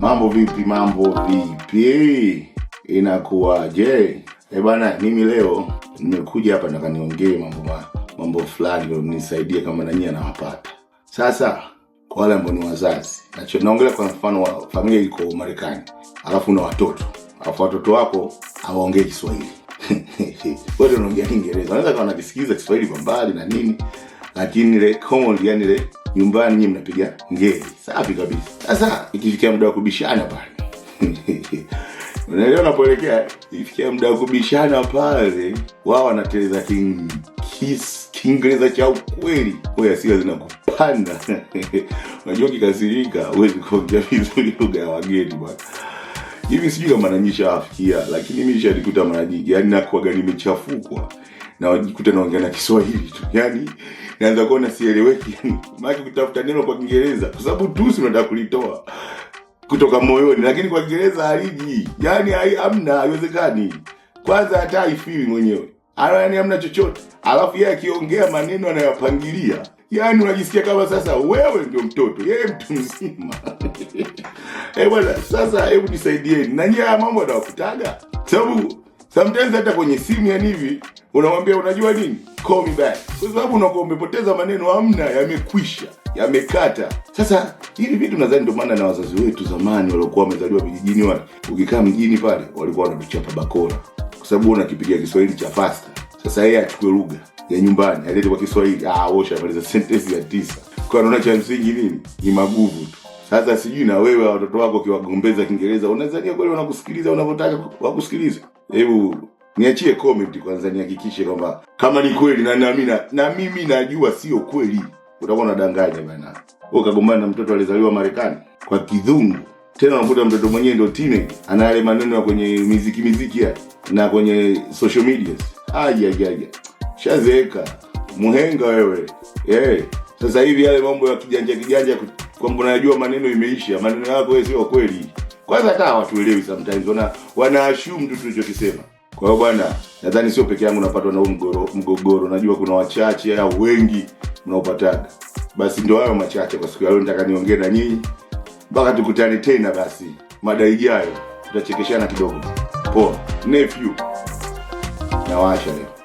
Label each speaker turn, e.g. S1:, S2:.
S1: Mambo vipi? Mambo vipi? Inakuwaje? Eh bana, mimi leo nimekuja hapa nakaniongee mambo mambo mambo fulani nisaidie kama nanyi anawapata. Sasa kwa wale ambao ni wazazi, naongelea kwa mfano wa familia iko Marekani, alafu na watoto, alafu watoto wako awaongee Kiswahili wote naongea Kiingereza. Wanaweza kawa nakisikiliza Kiswahili kwa mbali na nini, lakini le yani nyumbani nyinyi mnapiga ngeli safi kabisa. Sasa ikifikia muda wa kubishana pale unaelewa unapoelekea, ikifikia muda wa kubishana pale, wao wanateleza Kiingereza cha ukweli, wewe hasira zinakupanda. Unajua kikasirika huwezi kuongea vizuri lugha ya wageni bwana. Hivi sijui kama nanyisha afikia, lakini mimi nishalikuta mara nyingi, yaani nakuaga nimechafukwa na wajikute naongea na Kiswahili tu, yani naanza kuona sieleweki, maana kutafuta neno kwa Kiingereza kwa sababu tusi unataka kulitoa kutoka moyoni, lakini kwa Kiingereza haliji, yani amna haiwezekani. Kwanza hata haifiwi mwenyewe ana, yani chochote, alafu yeye akiongea maneno anayopangilia yani unajisikia kama sasa wewe ndio mtoto, yeye mtu mzima. Eh bwana, sasa hebu nisaidieni, na nyie haya mambo anawakutaga sababu Sometimes hata kwenye simu yani hivi unamwambia unajua nini, call me back, kwa sababu unakuwa umepoteza maneno, hamna, yamekwisha, yamekata. Sasa hili vitu nadhani ndio maana na wazazi wetu zamani waliokuwa wamezaliwa vijijini, wale ukikaa mjini pale walikuwa wanatuchapa bakora, kwa sababu unakipigia Kiswahili cha pasta. Sasa yeye achukue lugha ya nyumbani alete kwa Kiswahili, ah, osha maliza sentence ya tisa, kwa naona cha msingi nini, ni maguvu tu. Sasa sijui na wewe watoto wako ukiwagombeza Kiingereza unadhania kweli wanakusikiliza unavyotaka wakusikilize? Hebu niachie comment kwanza nihakikishe kwamba kama ni kweli na na mimi na mimi najua sio kweli. Utakuwa unadanganya bana. Wewe kagombana na mtoto alizaliwa Marekani kwa kidhungu. Tena unakuta mtoto mwenyewe ndio tine ana yale maneno ya kwenye miziki miziki ya na kwenye social media. Aje aje aje. Shazeeka. Muhenga wewe. Eh. Hey. Sasa hivi yale mambo ya kijanja kijanja kwamba unajua maneno imeisha, maneno yako wewe sio kweli. Kwanza hata hawatuelewi sometimes, wana wana assume tu tulichokisema. Kwa hiyo bwana, nadhani sio peke yangu napatwa na huu mgogoro, Najua kuna wachache au wengi mnaopataga. Basi ndio hayo machache kwa siku ya leo, nitaka niongee na nyinyi mpaka tukutane tena. Basi mada ijayo tutachekeshana kidogo. Poa nephew, nawasha leo.